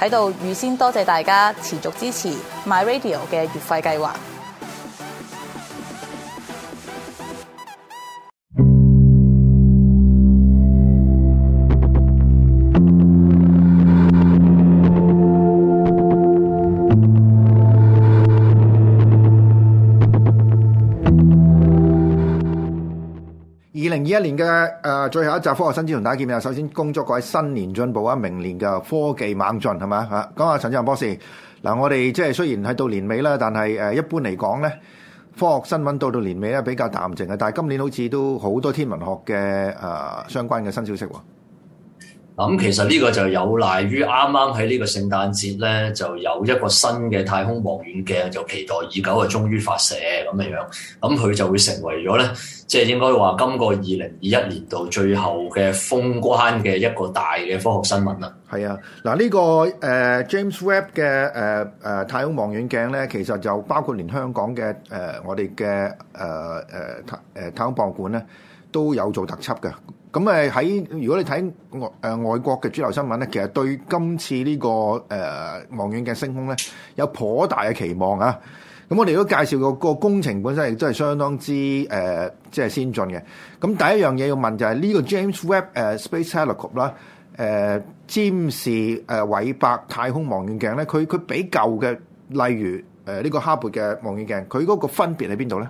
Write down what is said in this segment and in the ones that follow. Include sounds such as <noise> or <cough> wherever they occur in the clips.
喺度預先多謝大家持續支持 MyRadio 嘅月費計劃。二一年嘅誒最後一集科學新知同大家見面啊！首先恭祝各位新年進步啊，明年嘅科技猛進係咪？啊？講下陳志宏博士嗱、啊，我哋即係雖然係到年尾啦，但係誒一般嚟講咧，科學新聞到到年尾咧比較淡靜嘅，但係今年好似都好多天文學嘅誒、啊、相關嘅新消息喎。咁、嗯、其實呢個就有賴於啱啱喺呢個聖誕節咧，就有一個新嘅太空望遠鏡，就期待已久啊，終於發射咁樣。咁佢、嗯、就會成為咗咧，即、就、係、是、應該話今個二零二一年度最後嘅封關嘅一個大嘅科學新聞啦。係啊，嗱呢、這個誒、呃、James Webb 嘅誒誒太空望遠鏡咧，其實就包括連香港嘅誒、呃、我哋嘅誒誒誒太空博物館咧，都有做特輯嘅。咁誒，喺如果你睇外誒外國嘅主流新聞咧，其實對今次呢、這個誒、呃、望遠鏡升空咧有頗大嘅期望啊！咁我哋都介紹個、那個工程本身亦都係相當之誒、呃、即係先進嘅。咁第一樣嘢要問就係、是、呢、這個 James Webb 誒、呃、Space Telescope 啦、呃，誒占士誒、呃、韋伯，伯太空望遠鏡咧，佢佢比舊嘅例如誒呢、呃這個哈勃嘅望遠鏡，佢嗰個分別喺邊度咧？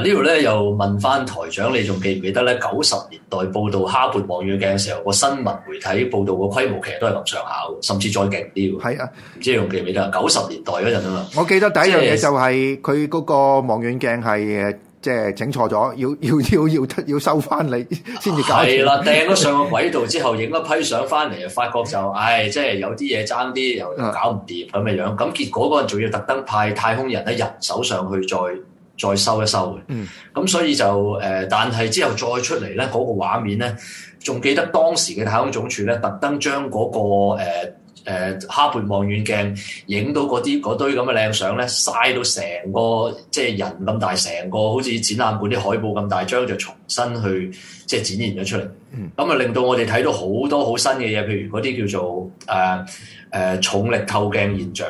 呢度咧又問翻台長，你仲記唔記得咧？九十年代報導哈勃望遠鏡嘅時候，個新聞媒體報導個規模其實都係咁上下嘅，甚至再勁啲㗎。係啊，唔知你仲記唔記得？九十年代嗰陣啊嘛。我記得第一樣嘢就係佢嗰個望遠鏡係誒，即係整錯咗，要要要要要收翻嚟先至搞掂。係啦、啊，掟咗、啊、 <laughs> 上個軌道之後，影一批相翻嚟，發覺就唉，即、哎、係、就是、有啲嘢爭啲又搞唔掂咁嘅樣。咁結果嗰陣仲要特登派太空人喺人手上去再。再收一收嘅，咁、嗯、所以就誒、呃，但係之後再出嚟咧，嗰、那個畫面咧，仲記得當時嘅太空總署咧，特登將嗰、那個誒誒、呃呃、哈勃望遠鏡影到嗰啲嗰堆咁嘅靚相咧，曬到成個即係人咁大，成個好似展覽館啲海報咁大張，就重新去即係展現咗出嚟。咁啊、嗯，就令到我哋睇到好多好新嘅嘢，譬如嗰啲叫做誒。呃誒、呃、重力透鏡現象，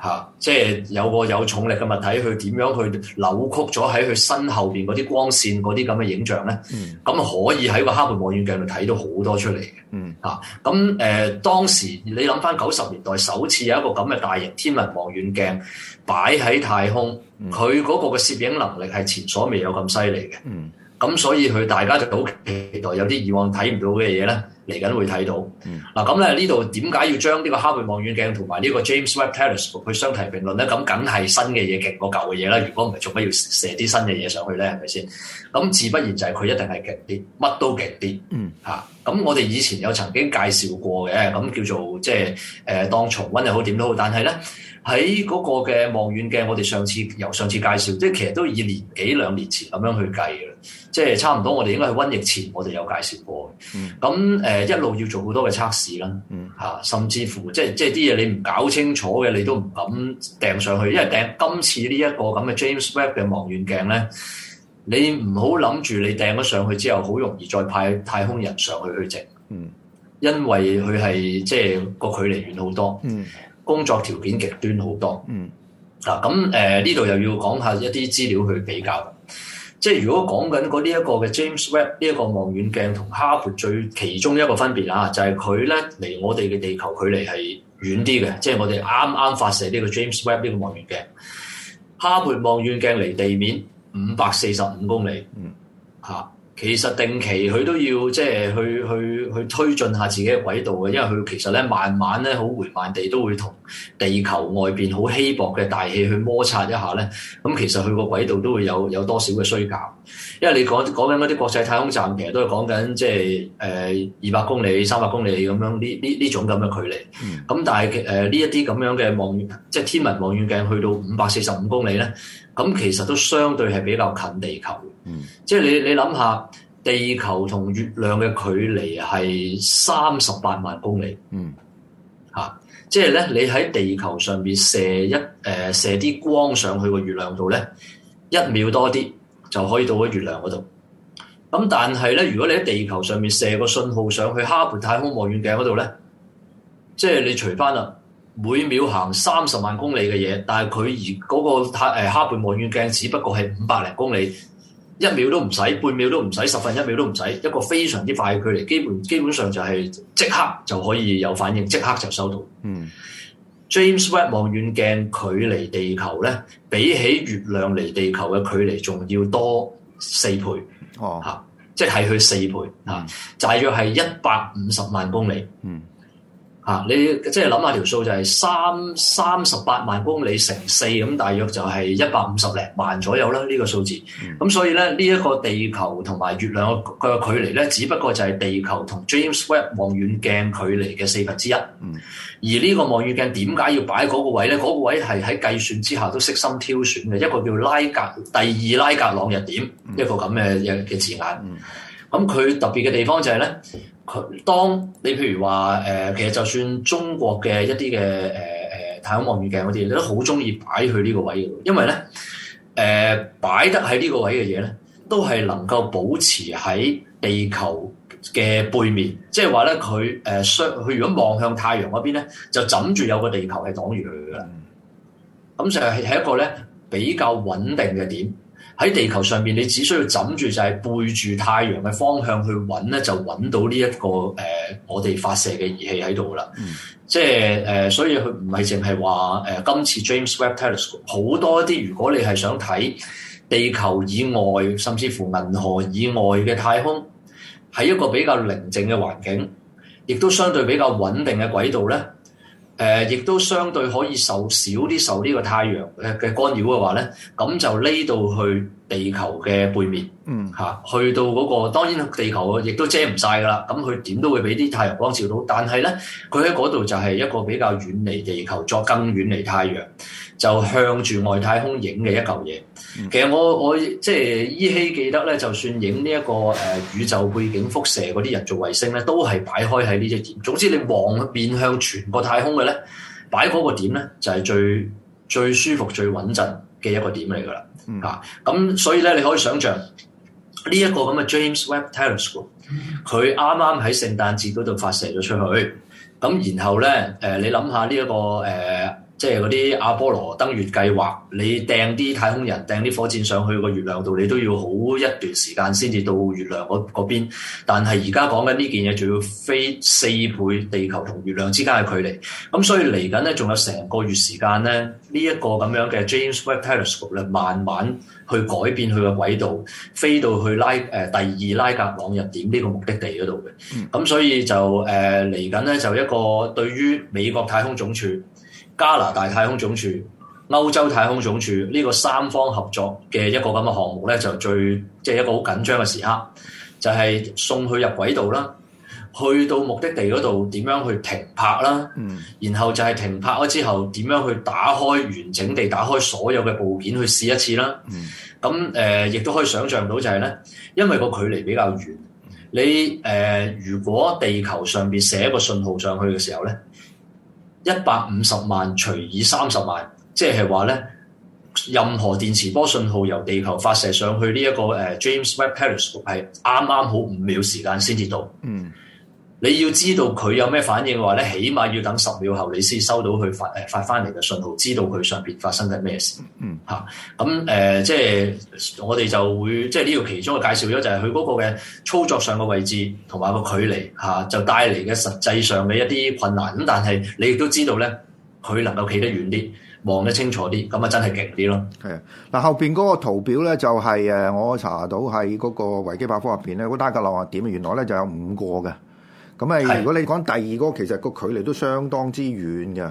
嚇、啊，即係有個有重力嘅物體，佢點樣去扭曲咗喺佢身後邊嗰啲光線嗰啲咁嘅影像咧？咁、嗯、可以喺個哈勃望遠鏡度睇到好多出嚟嘅，嚇、啊。咁、啊、誒、呃、當時你諗翻九十年代首次有一個咁嘅大型天文望遠鏡擺喺太空，佢嗰、嗯、個嘅攝影能力係前所未有咁犀利嘅。咁、嗯、所以佢大家就好期待有啲以往睇唔到嘅嘢咧。嚟緊會睇到，嗯，嗱，咁咧，呢度點解要將呢個哈貝望遠鏡同埋呢個 James Webb Telescope 去相提並論咧？咁梗係新嘅嘢勁過舊嘅嘢啦！如果唔係做乜要射啲新嘅嘢上去咧？係咪先？咁自不然就係佢一定係勁啲，乜都勁啲，嗯嚇。啊咁我哋以前有曾經介紹過嘅，咁叫做即係誒、呃、當重温又好點都好，但係咧喺嗰個嘅望遠鏡，我哋上次由上次介紹，即係其實都以年幾兩年前咁樣去計嘅，即係差唔多我哋應該係瘟疫前我哋有介紹過嘅。咁誒、嗯呃、一路要做好多嘅測試啦，嚇、啊，甚至乎即係即係啲嘢你唔搞清楚嘅，你都唔敢掟上去，嗯、因為掟今次呢、這、一個咁嘅 James Webb 嘅望遠鏡咧。你唔好諗住你掟咗上去之後，好容易再派太空人上去去整。嗯，因為佢係即係個距離遠好多。嗯，工作條件極端好多。嗯，嗱咁誒、呢度又要講下一啲資料去比較。即係如果講緊嗰呢一個嘅 James Webb 呢一個望遠鏡同哈勃最其中一個分別啊，就係佢咧離我哋嘅地球距離係遠啲嘅。即係我哋啱啱發射呢個 James Webb 呢個望遠鏡，哈勃望遠鏡離地面五百四十五公里，嚇、嗯，其實定期佢都要即係去去去推進下自己嘅軌道嘅，因為佢其實咧慢慢咧好緩慢地都會同，地球外邊好稀薄嘅大氣去摩擦一下呢，咁其實佢個軌道都會有有多少嘅衰減，因為你講講緊嗰啲國際太空站，其實都係講緊即係誒二百公里、三百公里咁樣呢呢呢種咁嘅距離。咁、嗯、但係誒呢一啲咁樣嘅望遠即係、就是、天文望遠鏡去到五百四十五公里呢，咁其實都相對係比較近地球嘅。即係、嗯、你你諗下，地球同月亮嘅距離係三十八萬公里。嗯即係咧，你喺地球上面射一、誒、呃、射啲光上去個月亮度咧，一秒多啲就可以到去月亮嗰度。咁但係咧，如果你喺地球上面射個信號上去哈勃太空望遠鏡嗰度咧，即係你除翻啦，每秒行三十萬公里嘅嘢，但係佢而嗰個太誒哈勃、呃、望遠鏡只不過係五百零公里。一秒都唔使，半秒都唔使，十分一秒都唔使，一個非常之快嘅距離，基本基本上就係即刻就可以有反應，即刻就收到。嗯、James Webb 望遠鏡距離地球咧，比起月亮離地球嘅距離仲要多四倍。哦，吓、啊，即係係佢四倍、嗯、啊，大約係一百五十萬公里。嗯。嗯啊！你即係諗下條數就係三三十八萬公里乘四咁，大約就係一百五十零萬左右啦。呢、呢個數字咁，嗯、所以咧呢一、呢個地球同埋月亮佢嘅距離咧，只不過就係地球同 James Webb 望遠鏡距離嘅四分之一。嗯。而呢個望遠鏡點解要擺嗰個位咧？嗰、嗰個位係喺計算之下都悉心挑選嘅，一個叫拉格第二拉格朗日點，嗯、一個咁嘅嘅字眼。嗯。咁佢、嗯、特別嘅地方就係咧。佢當你譬如話誒、呃，其實就算中國嘅一啲嘅誒誒太空望遠鏡嗰啲，你都好中意擺去呢個位嘅，因為咧誒、呃、擺得喺呢個位嘅嘢咧，都係能夠保持喺地球嘅背面，即係話咧佢誒相佢如果望向太陽嗰邊咧，就枕住有個地球係擋住佢嘅喇，咁就係係一個咧比較穩定嘅點。喺地球上面，你只需要枕住就係背住太陽嘅方向去揾咧，就揾到呢一個誒、呃、我哋發射嘅儀器喺度啦。嗯、即係誒、呃，所以佢唔係淨係話誒，今次 James Webb Telescope 好多一啲，如果你係想睇地球以外，甚至乎銀河以外嘅太空，係一個比較寧靜嘅環境，亦都相對比較穩定嘅軌道咧。誒，亦、呃、都相對可以受少啲受呢個太陽嘅干擾嘅話咧，咁就呢度去。地球嘅背面，嗯吓、啊，去到嗰、那個，當然地球亦都遮唔晒噶啦，咁佢點都會俾啲太陽光照到，但係呢，佢喺嗰度就係一個比較遠離地球，再更遠離太陽，就向住外太空影嘅一嚿嘢。嗯、其實我我即係、就是、依稀記得呢，就算影呢一個誒、呃、宇宙背景輻射嗰啲人造衛星呢，都係擺開喺呢隻點。總之你望面向全個太空嘅呢，擺嗰個點呢，就係、是、最最舒服、最穩陣。嘅一個點嚟㗎啦，嚇咁、嗯啊、所以咧，你可以想象呢一個咁嘅 James Webb Telescope，佢啱啱、嗯、喺聖誕節嗰度發射咗出去，咁然後咧，誒、呃、你諗下呢一個誒。呃即係嗰啲阿波羅登月計劃，你掟啲太空人掟啲火箭上去個月亮度，你都要好一段時間先至到月亮嗰邊。但係而家講緊呢件嘢，仲要飛四倍地球同月亮之間嘅距離。咁所以嚟緊呢，仲有成個月時間呢，呢、這、一個咁樣嘅 James Webb Telescope 咧，慢慢去改變佢嘅軌道，飛到去拉誒、呃、第二拉格朗日點呢個目的地嗰度嘅。咁所以就誒嚟緊呢，就一個對於美國太空總署。加拿大太空總署、歐洲太空總署呢個三方合作嘅一個咁嘅項目呢，就最即係、就是、一個好緊張嘅時刻，就係、是、送去入軌道啦，去到目的地嗰度點樣去停泊啦，嗯、然後就係停泊咗之後點樣去打開完整地打開所有嘅部件去試一次啦。咁誒亦都可以想象到就係呢，因為個距離比較遠，你誒、呃、如果地球上邊寫一個信號上去嘅時候呢。一百五十萬除以三十萬，即係話咧，任何電磁波信號由地球發射上去呢、這、一個誒、uh, James Webb Palace 係啱啱好五秒時間先至到。嗯。你要知道佢有咩反應嘅話咧，起碼要等十秒後，你先收到佢發誒、呃、發翻嚟嘅信號，知道佢上邊發生緊咩事嚇。咁誒、嗯啊呃，即係我哋就會即係呢度其中嘅介紹咗，就係佢嗰個嘅操作上嘅位置同埋個距離嚇、啊，就帶嚟嘅實際上嘅一啲困難。咁但係你亦都知道咧，佢能夠企得遠啲，望得清楚啲，咁啊真係勁啲咯。係，嗱後邊嗰個圖表咧，就係、是、誒我查到喺嗰個維基百科入邊咧，嗰單拉格朗日點原來咧就有五個嘅。咁啊，如果你講第二個，其實個距離都相當之遠嘅，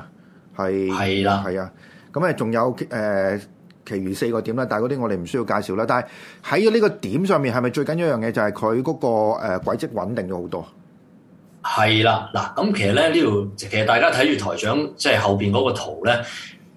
係係啦，係啊是的，咁啊，仲有誒，其餘四個點咧，但係嗰啲我哋唔需要介紹啦。但係喺呢個點上面，係咪最緊要一樣嘢就係佢嗰個誒軌跡穩定咗好多？係啦，嗱，咁其實咧呢度，其實大家睇住台長即係、就是、後邊嗰個圖咧，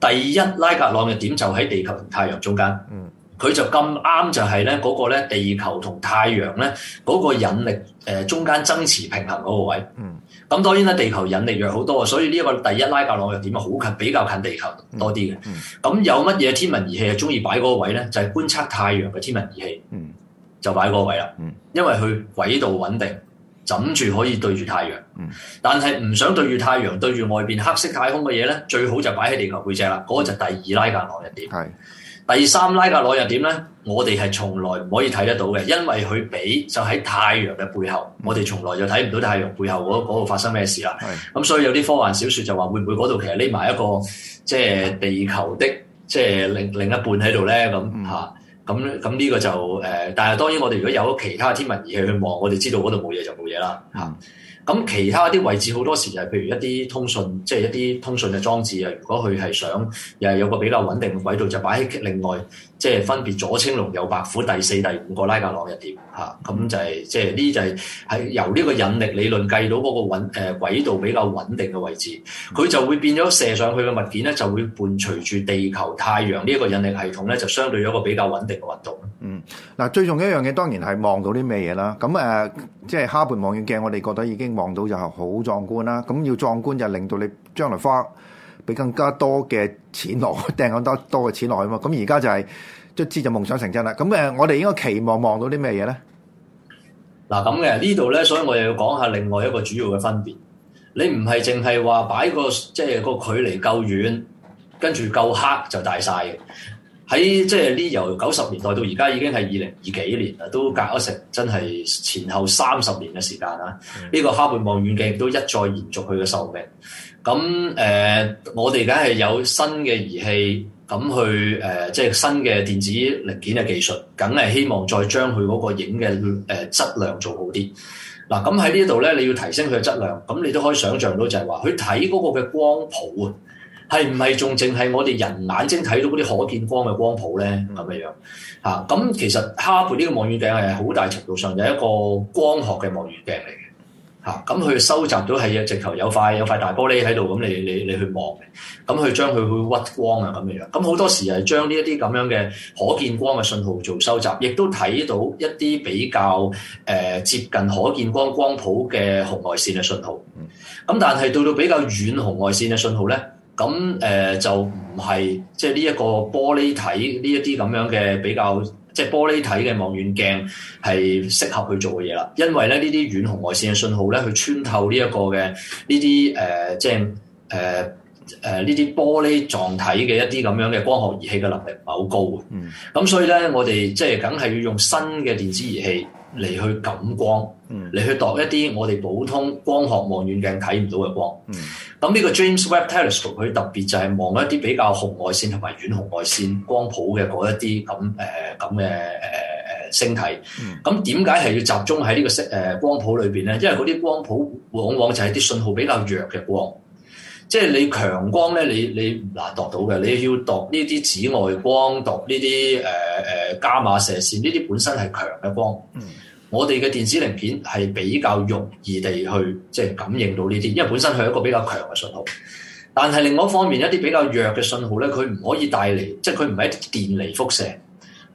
第一拉格朗日點就喺地球同太陽中間，嗯。佢就咁啱就係咧嗰個咧地球同太陽咧嗰個引力誒中間爭持平衡嗰個位。嗯。咁當然咧地球引力弱好多，所以呢一個第一拉格朗日點啊，好近比較近地球多啲嘅。咁、嗯嗯、有乜嘢天文儀器啊中意擺嗰個位咧？就係、是、觀察太陽嘅天文儀器。嗯。就擺嗰個位啦。嗯。因為佢軌道穩定，枕住可以對住太陽。嗯。但係唔想對住太陽，對住外邊黑色太空嘅嘢咧，最好就擺喺地球背脊啦。嗰、那個就第二拉格朗日點。係、嗯。第三拉格朗日點呢？我哋係從來唔可以睇得到嘅，因為佢比就喺太陽嘅背後，嗯、我哋從來就睇唔到太陽背後嗰嗰發生咩事啦。咁的所以有啲科幻小説就話，會唔會嗰度其實匿埋一個即係、就是、地球的即係、就是、另另一半喺度呢？咁嚇咁咁呢個就誒、呃，但係當然我哋如果有其他天文儀器去望，我哋知道嗰度冇嘢就冇嘢啦嚇。嗯。咁其他啲位置好多時就係譬如一啲通訊，即係一啲通訊嘅裝置啊。如果佢係想又係有個比較穩定嘅軌道，就擺喺另外，即係分別左青龍右白虎第四、第五個拉格朗日點嚇。咁、啊嗯嗯嗯、就係即係呢，就係、係、喺由呢個引力理論計到嗰個穩誒軌道比較穩定嘅位置，佢就會變咗射上去嘅物件咧，就會伴隨住地球、太陽呢一個引力系統咧，就相對有一個比較穩定嘅運動。嗯嗱，最重要一樣嘢當然係望到啲咩嘢啦。咁、啊、誒，即係哈勃望遠鏡，我哋覺得已經望到就係好壯觀啦。咁、啊、要壯觀就令到你將來花俾更加多嘅錢落去掟咁多多嘅錢落去嘛。咁而家就係卒之就夢想成真啦。咁、啊、誒，我哋應該期望望到啲咩嘢咧？嗱，咁嘅呢度咧，所以我又要講下另外一個主要嘅分別。你唔係淨係話擺個即係個距離夠遠，跟住夠黑就大晒嘅。喺即係呢由九十年代到而家已經係二零二幾年啦，都隔咗成真係前後三十年嘅時間啦。呢、嗯、個哈勃望遠鏡都一再延續佢嘅壽命。咁誒、呃，我哋梗係有新嘅儀器，咁去誒、呃、即係新嘅電子零件嘅技術，梗係希望再將佢嗰個影嘅誒質量做好啲。嗱，咁喺呢度咧，你要提升佢嘅質量，咁你都可以想像到就係話，佢睇嗰個嘅光譜啊。係唔係仲淨係我哋人眼睛睇到嗰啲可見光嘅光譜咧？咁嘅樣嚇，咁、啊、其實哈勃呢個望遠鏡係好大程度上就一個光學嘅望遠鏡嚟嘅嚇，咁、啊、佢收集到係直頭有塊有塊大玻璃喺度，咁你你你去望嘅，咁、啊、佢將佢去屈光啊咁嘅樣，咁、啊、好多時係將呢一啲咁樣嘅可見光嘅信號做收集，亦都睇到一啲比較誒、呃、接近可見光光譜嘅紅外線嘅信號。咁、嗯、但係到到比較遠紅外線嘅信號咧。咁誒就唔係即係呢一個玻璃體呢一啲咁樣嘅比較即係玻璃體嘅望遠鏡係適合去做嘅嘢啦，因為咧呢啲遠紅外線嘅信號咧去穿透呢一個嘅呢啲誒即係誒誒呢啲玻璃狀體嘅一啲咁樣嘅光學儀器嘅能力唔係好高嘅，嗯、咁所以咧我哋即係梗係要用新嘅電子儀器。嚟去感光，嚟、嗯、去度一啲我哋普通光學望遠鏡睇唔到嘅光。咁呢、嗯、個 James Webb Telescope 佢特別就係望一啲比較紅外線同埋遠紅外線光譜嘅嗰一啲咁誒咁嘅誒誒星體。咁點解係要集中喺呢個誒光譜裏邊咧？因為嗰啲光譜往往就係啲信號比較弱嘅光，即係你強光咧，你你唔難度到嘅。你要度呢啲紫外光，度呢啲誒誒伽馬射線，呢啲本身係強嘅光。嗯我哋嘅電子零件係比較容易地去即係感應到呢啲，因為本身佢係一個比較強嘅信號。但係另外一方面，一啲比較弱嘅信號咧，佢唔可以帶嚟，即係佢唔係一啲電離輻射，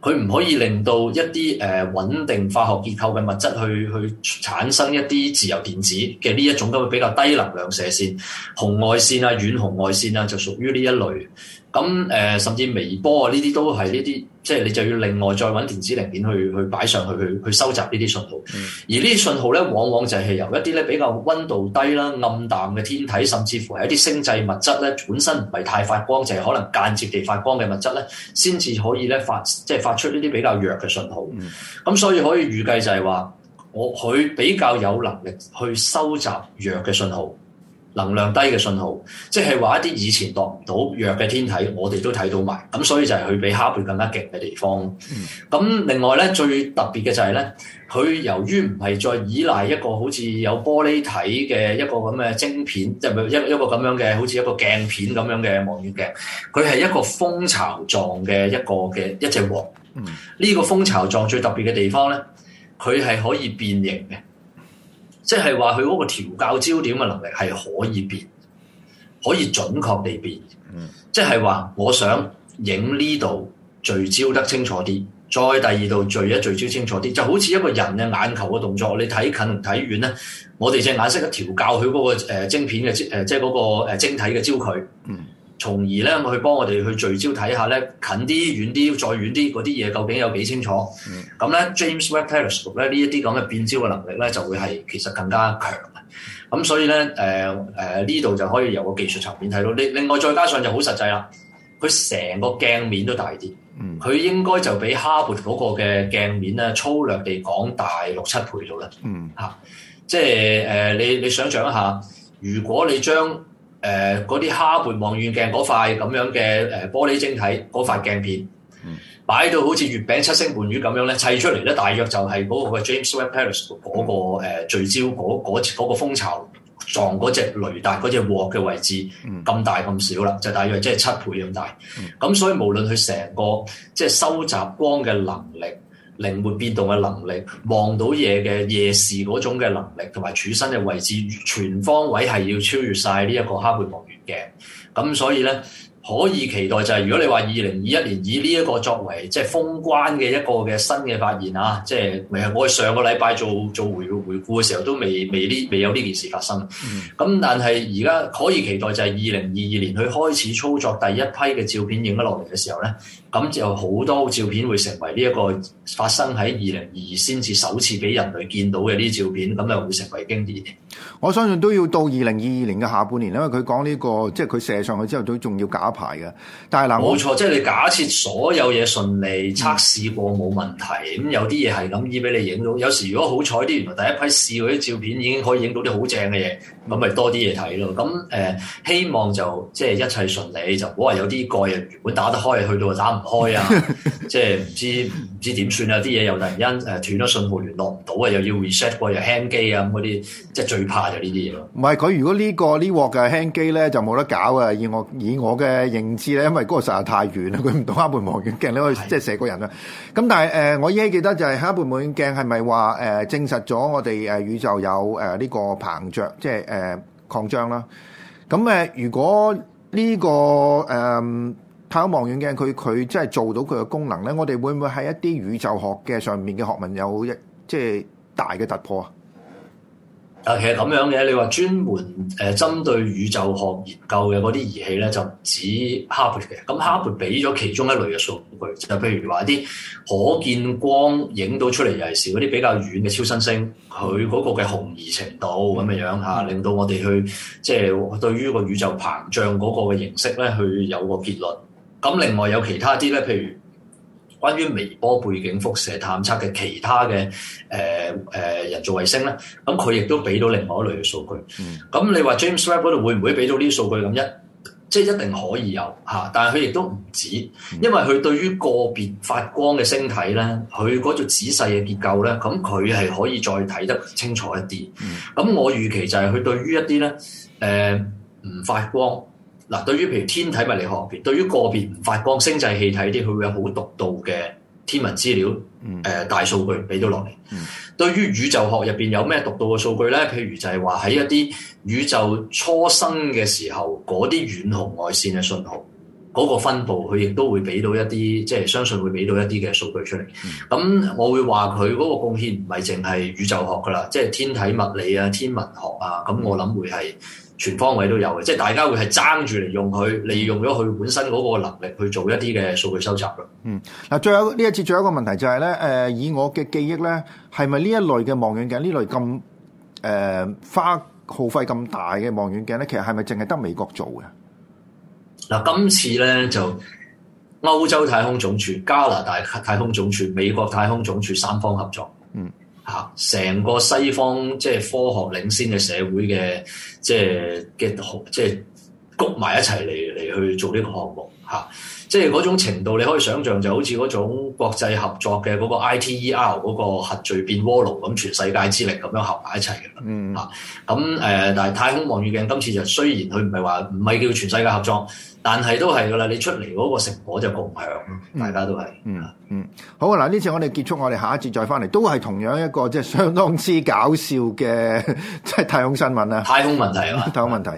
佢唔可以令到一啲誒穩定化學結構嘅物質去去產生一啲自由電子嘅呢一種咁嘅比較低能量射線，紅外線啊、遠紅外線啊，就屬於呢一類。咁誒、呃，甚至微波啊，呢啲都係呢啲，即係你就要另外再揾電子零件去去擺上去，去去收集呢啲信號。嗯、而呢啲信號呢，往往就係由一啲呢比較溫度低啦、暗淡嘅天體，甚至乎係一啲星際物質呢本身唔係太發光，就係可能間接地發光嘅物質呢先至可以呢發，即係發出呢啲比較弱嘅信號。咁、嗯、所以可以預計就係話，我佢比較有能力去收集弱嘅信號。能量低嘅信號，即係話一啲以前度唔到弱嘅天體，我哋都睇到埋，咁所以就係佢比哈勃更加勁嘅地方。咁、嗯、另外咧，最特別嘅就係、是、咧，佢由於唔係再依賴一個好似有玻璃體嘅一個咁嘅晶片，即係一一個咁樣嘅好似一個鏡片咁樣嘅望遠鏡，佢係一個蜂巢狀嘅一個嘅一隻鑊。呢、嗯、個蜂巢狀最特別嘅地方咧，佢係可以變形嘅。即係話佢嗰個調校焦點嘅能力係可以變，可以準確地變。嗯、即係話我想影呢度聚焦得清楚啲，再第二度聚一聚焦清楚啲，就好似一個人嘅眼球嘅動作，你睇近睇遠咧，我哋隻眼識得調教，佢嗰個誒晶片嘅，誒即係嗰個誒晶體嘅焦距。嗯從而咧，去幫我哋去聚焦睇下咧，近啲、遠啲、再遠啲嗰啲嘢，究竟有幾清楚？咁咧、mm.，James Webb Telescope 咧，呢一啲咁嘅變焦嘅能力咧，就會係其實更加強嘅。咁、mm. 所以咧，誒誒呢度就可以由個技術層面睇到。另另外再加上就好實際啦，佢成個鏡面都大啲，佢、mm. 應該就比哈勃嗰個嘅鏡面咧粗略地講大六七倍度啦。嚇、mm. 啊，即係誒、呃、你你想像一下，如果你將誒嗰啲哈勃望遠鏡嗰塊咁樣嘅誒、呃、玻璃晶體嗰塊鏡片，嗯、擺到好似月餅七星伴月咁樣咧、嗯、砌出嚟咧，大約就係嗰個 James Webb Telescope 嗰個誒聚焦嗰嗰、嗰個蜂巢撞嗰隻雷達嗰隻鑊嘅位置咁、嗯、大咁小啦，就大約即係七倍咁大。咁、嗯、所以無論佢成個即係收集光嘅能力。靈活變動嘅能力，望到嘢嘅夜視嗰種嘅能力，同埋處身嘅位置全方位係要超越晒呢一個哈勃望遠鏡。咁所以呢，可以期待就係、是，如果你話二零二一年以呢一個作為即係封關嘅一個嘅新嘅發現啊，即係我上個禮拜做做回顧，回顧嘅時候都未未呢，未有呢件事發生。咁、嗯、但係而家可以期待就係二零二二年佢開始操作第一批嘅照片影咗落嚟嘅時候呢。咁就好多照片會成為呢一個發生喺二零二二先至首次俾人類見到嘅呢啲照片，咁又會成為經典。我相信都要到二零二二年嘅下半年，因為佢講呢個即係佢射上去之後都仲要假牌嘅。但係嗱，冇錯，即係你假設所有嘢順利，測試過冇問題，咁、嗯、有啲嘢係諗依俾你影到。有時如果好彩啲，原來第一批試過啲照片已經可以影到啲好正嘅嘢，咁咪多啲嘢睇咯。咁誒、呃，希望就即係一切順利，就冇話有啲蓋啊原本打得開去到就打唔開 <laughs> 啊， <laughs> 即係唔知唔知點算啊！啲嘢又突然間誒、啊、斷咗信號聯絡唔到啊，又要 reset 過又 hang 機啊咁嗰啲，即係最怕就呢啲嘢咯。唔係佢如果呢、這個呢鑊嘅 hang 機咧，就冇得搞嘅。以我以我嘅認知咧，因為嗰個實在太遠啦，佢唔到哈勃望遠鏡呢個即係四個人啦。咁的但係誒，我依家記得就係哈勃望遠鏡係咪話誒證實咗我哋誒宇宙有誒呢個膨脹，即係誒擴張啦。咁、呃、誒如果呢、這個誒？嗯嗯嗯嗯太空望遠鏡佢佢即係做到佢嘅功能咧，我哋會唔會喺一啲宇宙學嘅上面嘅學問有一即係大嘅突破啊？啊，其實咁樣嘅，你話專門誒針對宇宙學研究嘅嗰啲儀器咧，就唔止哈勃嘅。咁哈勃俾咗其中一類嘅數據，就是、譬如話啲可見光影到出嚟，尤其是啲比較遠嘅超新星，佢嗰個嘅紅移程度咁嘅樣嚇，令到我哋去即係、就是、對於個宇宙膨脹嗰個嘅形式咧，去有個結論。咁另外有其他啲咧，譬如關於微波背景輻射探測嘅其他嘅誒誒人造衛星咧，咁佢亦都俾到另外一類嘅數據。咁、嗯、你話 James Webb 嗰度會唔會俾到呢啲數據咁一？即係一定可以有嚇、啊，但係佢亦都唔止，嗯、因為佢對於個別發光嘅星體咧，佢嗰種仔細嘅結構咧，咁佢係可以再睇得清楚一啲。咁、嗯、我預期就係佢對於一啲咧誒唔發光。嗱，對於譬如天體物理學，譬如對於個別發光星際氣體啲，佢會有好獨到嘅天文資料，誒、嗯呃、大數據俾到落嚟。嗯、對於宇宙學入邊有咩獨到嘅數據呢？譬如就係話喺一啲宇宙初生嘅時候，嗰啲遠紅外線嘅信號，嗰、嗰個分布，佢亦都會俾到一啲，即係相信會俾到一啲嘅數據出嚟。咁、嗯、我會話佢嗰個貢獻唔係淨係宇宙學噶啦，即係天體物理啊、天文學啊，咁我諗會係。全方位都有嘅，即係大家會係爭住嚟用佢，利用咗佢本身嗰個能力去做一啲嘅數據收集咯。嗯，嗱，最後呢一次，最後一個問題就係、是、咧，誒、呃，以我嘅記憶咧，係咪呢一類嘅望遠鏡，類呃、遠鏡呢類咁誒花耗費咁大嘅望遠鏡咧，其實係咪淨係得美國做嘅？嗱、嗯，今次咧就歐洲太空總署、加拿大太空總署、美國太空總署三方合作。嗯。嚇！成個西方即係科學領先嘅社會嘅，即係嘅，即係。焗埋一齊嚟，嚟去做呢個項目吓、啊，即係嗰種程度你可以想象，就好似嗰種國際合作嘅嗰個 ITER 嗰個核聚變鍋爐咁，全世界之力咁樣合埋一齊嘅啦吓。咁誒、嗯啊，但係、呃、太空望遠鏡今次就雖然佢唔係話唔係叫全世界合作，但係都係噶啦。你出嚟嗰個成果就共享，大家都係、嗯。嗯嗯，好啊！嗱，呢次我哋結束，我哋下一節再翻嚟，都係同樣一個即係相當之搞笑嘅即係太空新聞啦、嗯。太空問題啊，太空問題。